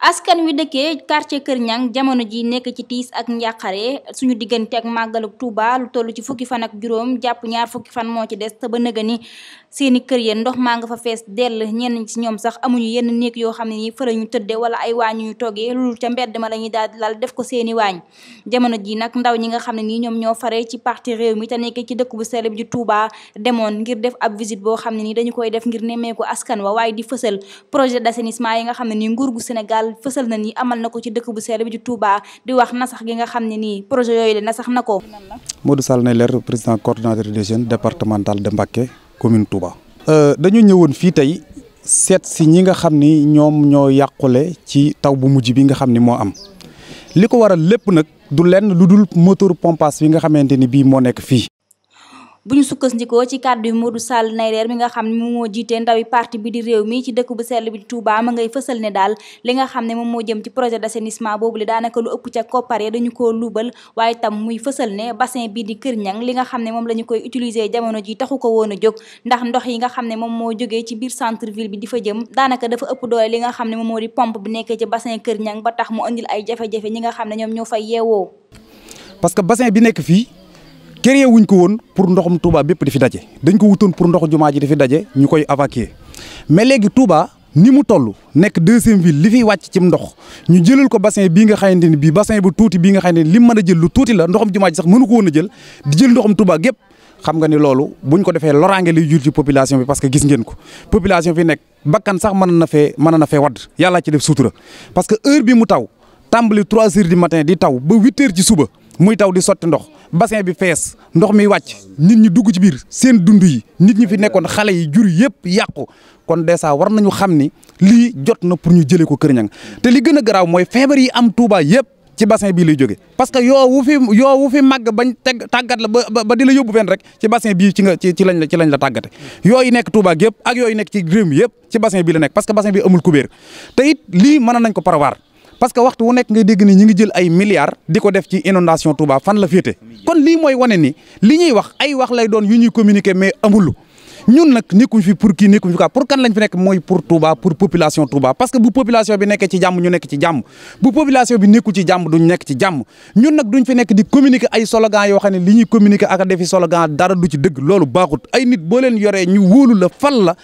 askan wi dëkkee quartier Kër Niang jamono ji nekk ci tiis ak njàqare suñu diggante ak màggaluk Touba lu toll ci fukki fan ak juróom jàpp ñaar fukki fan moo ci des te ba nëga ni seeni kër ya ndox maa nga fa fees dell ñenn ci ñoom sax amuñu yenn néeg yoo xam ne ni fa lañu tëdde wala ay waañ ñu toggee loolu ca mbedd ma la ñuy daal lal def ko seeni waañ jamono ji nag ndaw ñi nga xam ne nii ñoom ñoo fare ci parti réew mi te nekkee ci dëkk bu sell ju ji demoon ngir def ab visite boo xam ne ni dañu koy def ngir nemmeeku askan wa waaye di fësal projet d'assainissement yi nga xam ne ni nguur gu Sénégal daal fësal na ni amal na ko ci dëkk bu sell bi ci Touba di wax na sax gi nga xam ne nii projet yooyu la nasax na ko. moo Modou Sall ne leer président coordonnateur des jeunes départemental de Mbacké commune Touba. Euh, dañu ñëwoon fii tey seet si ñi nga xam ni ñoom ñoo yàqule ci taw bu mujj bi nga xam ni moo am li ko waral lépp nag du lenn lu dul moteur pompage bi nga xamante ni bii moo nekk fii. bu ñu sukkandikoo ci kàddu yu Modou Sall Nayreer mi nga xam ne moo jiitee ndawi parti bi di réew mi ci dëkk bu sell bi di Touba ma ngay fësal ne daal li nga xam ne moom moo jëm ci projet d'assainissement boobu li daanaka lu ëpp ca koppar ya dañu koo luubal waaye tam muy fësal ne bassin bii di Kër Ñang li nga xam ne moom la ñu koy utiliser jamono ji taxu ko woon a jóg ndax ndox yi nga xam ne moom moo jógee ci biir centre ville bi di fa jëm daanaka dafa ëpp doole li nga xam ne moom moo di pompe bi nekkee ci basin Kër Ñang ba tax mu indil ay jafe-jafe ñi nga xam ne ñoom ñoo fay yeewoo parce que bassin bi nekk fii créé wuñ ko woon pour ndoxum Touba bépp di fi daje dañ ko wutoon pour ndoxu jumaa ji di fi daje ñu koy évacuer mais léegi Touba ni mu toll nekk deuxième ville li fiy wàcc ci ndox ñu jëlal ko bassin bii nga xamante ni bii bassin bu tuuti bii nga xamante ni lim mën a jël tuuti la ndoxum jumaa ji sax mënu ko woon a jël di jël ndoxum Touba gépp xam nga ni loolu buñ ko defee loraange liy jur ci population bi parce que gis ngeen ko population fi nekk bakkan sax mën na fee mën na fee wadd yàllaa ci def sutura parce que heure bi mu taw tàmbali 3 heures du matin di taw ba 8 heures suba muy taw di sotti ndox bassin bi fees ndox mi wàcc nit ñi dugg ci biir seen dund yi nit ñi fi nekkoon xale yi jur yëpp yàqu kon dèjà war nañu xam ni lii jot na pour ñu jëlee ko Kër Niang te li gën a garaaw mooy feebar yi am Touba yëpp ci bassin bii lay jóge parce que yoo fi yoo wu fi màgg bañ teg tàggat la ba ba di la yóbbu fenn rek ci bassin bi ci nga ci ci lañ la ci lañ la tàggate yooyu nekk Touba yëpp ak yooyu nekk ci réew mi yëpp ci bassin bi la nekk parce que bassin bi amul kubéer te it lii mën nañ ko parawaar parce que waxtu wu nekk nga dégg ni ñi ngi jël ay milliards di ko def ci inondation Touba fan la féete kon li mooy wane ni li ñuy wax ay wax lay doon yu ñuy communiquer mais amul ñun nag nekkuñ fi pour kii nekkuñ fi quoi pour nekk mooy pour Touba pour population Touba parce que bu population bi nekkee ci jàmm ñu nekk ci jàmm bu population bi nekkul ci jàmm duñ nekk ci jàmm ñun nag duñ fi di communiquer ay slogan yoo xam ne li ñuy communiquer ak a defi slogan dara du ci dëgg loolu baaxut ay nit boo leen yoree ñu wóolu la fal la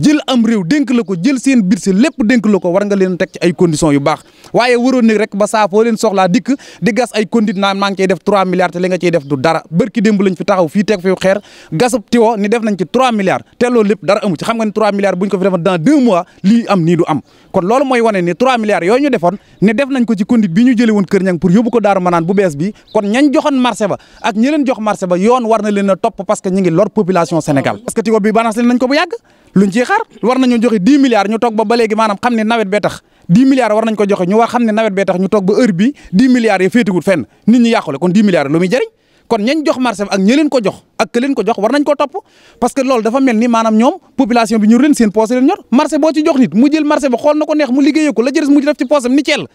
jël am réew dénk la ko jël seen biir si lépp dénk la ko war nga leen teg ci ay conditions yu baax waaye waroon nag rek ba saa foo leen soxlaa dikk di gas ay conditions ngi ciy def 3 milliards te nga ciy def du dara bërki démb fii teg fi xeer gasub tiwo ni def nañ ci milliards te loolu lépp dara amu ci xam nga ne 3 milliards bu ñu ko fi defoon dans 2 mois lii am nii du am kon loolu mooy wane ne 3 milliards yooyu ñu defoon ne def nañ ko ci conduite bi ñu jëlee woon Kër Ñang pour yóbbu ko Daaru Manaan bu bees bi kon ñañ joxoon marché ba ak ñi jox marché ba yoon war leen a topp parce que ñu ngi population Sénégal parce que Tigo bi banaas leen nañ ko bu yàgg luñ ciy xaar war joxe 10 milliards ñu toog ba ba maanaam xam kon ñañ jox marché bi ak ñi leen ko jox ak ke ko jox war nañ koo topp parce que loolu dafa mel ni maanaam ñoom population bi ñor leen seen poos leen ñor marché boo ci jox nit mu jël marché bi xool na ko neex mu liggéeyee ko la jërës mu def ci poosam ni ceel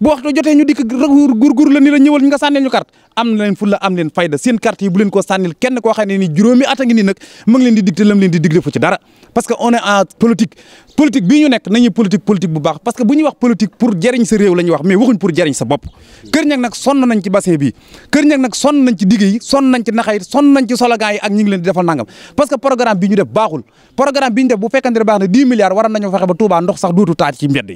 bu waxtu jotee ñu dikk gurgur la ni la ñëwal ñu nga sànneel ñu carte am leen fulla am leen fayda seen carte yi bu leen ko sànnil kenn koo xam ni juróomi at a ngi nii nag leen di digte lam leen parce que on est en politique nekk nañu politique politique bu baax parce que bu wax politique pour jëriñ sa réew la wax mais waxuñ pour jëriñ sa bopp. kër ñag nag sonn nañ ci bassin kër ñag nag sonn nañ ci digg yi sonn nañ ci naxa yi sonn di defal nangam parce que programme bi def baaxul programme bi def bu fekkante baax na 10 milliards war fexe ba Touba ndox sax dootu taat ci mbedd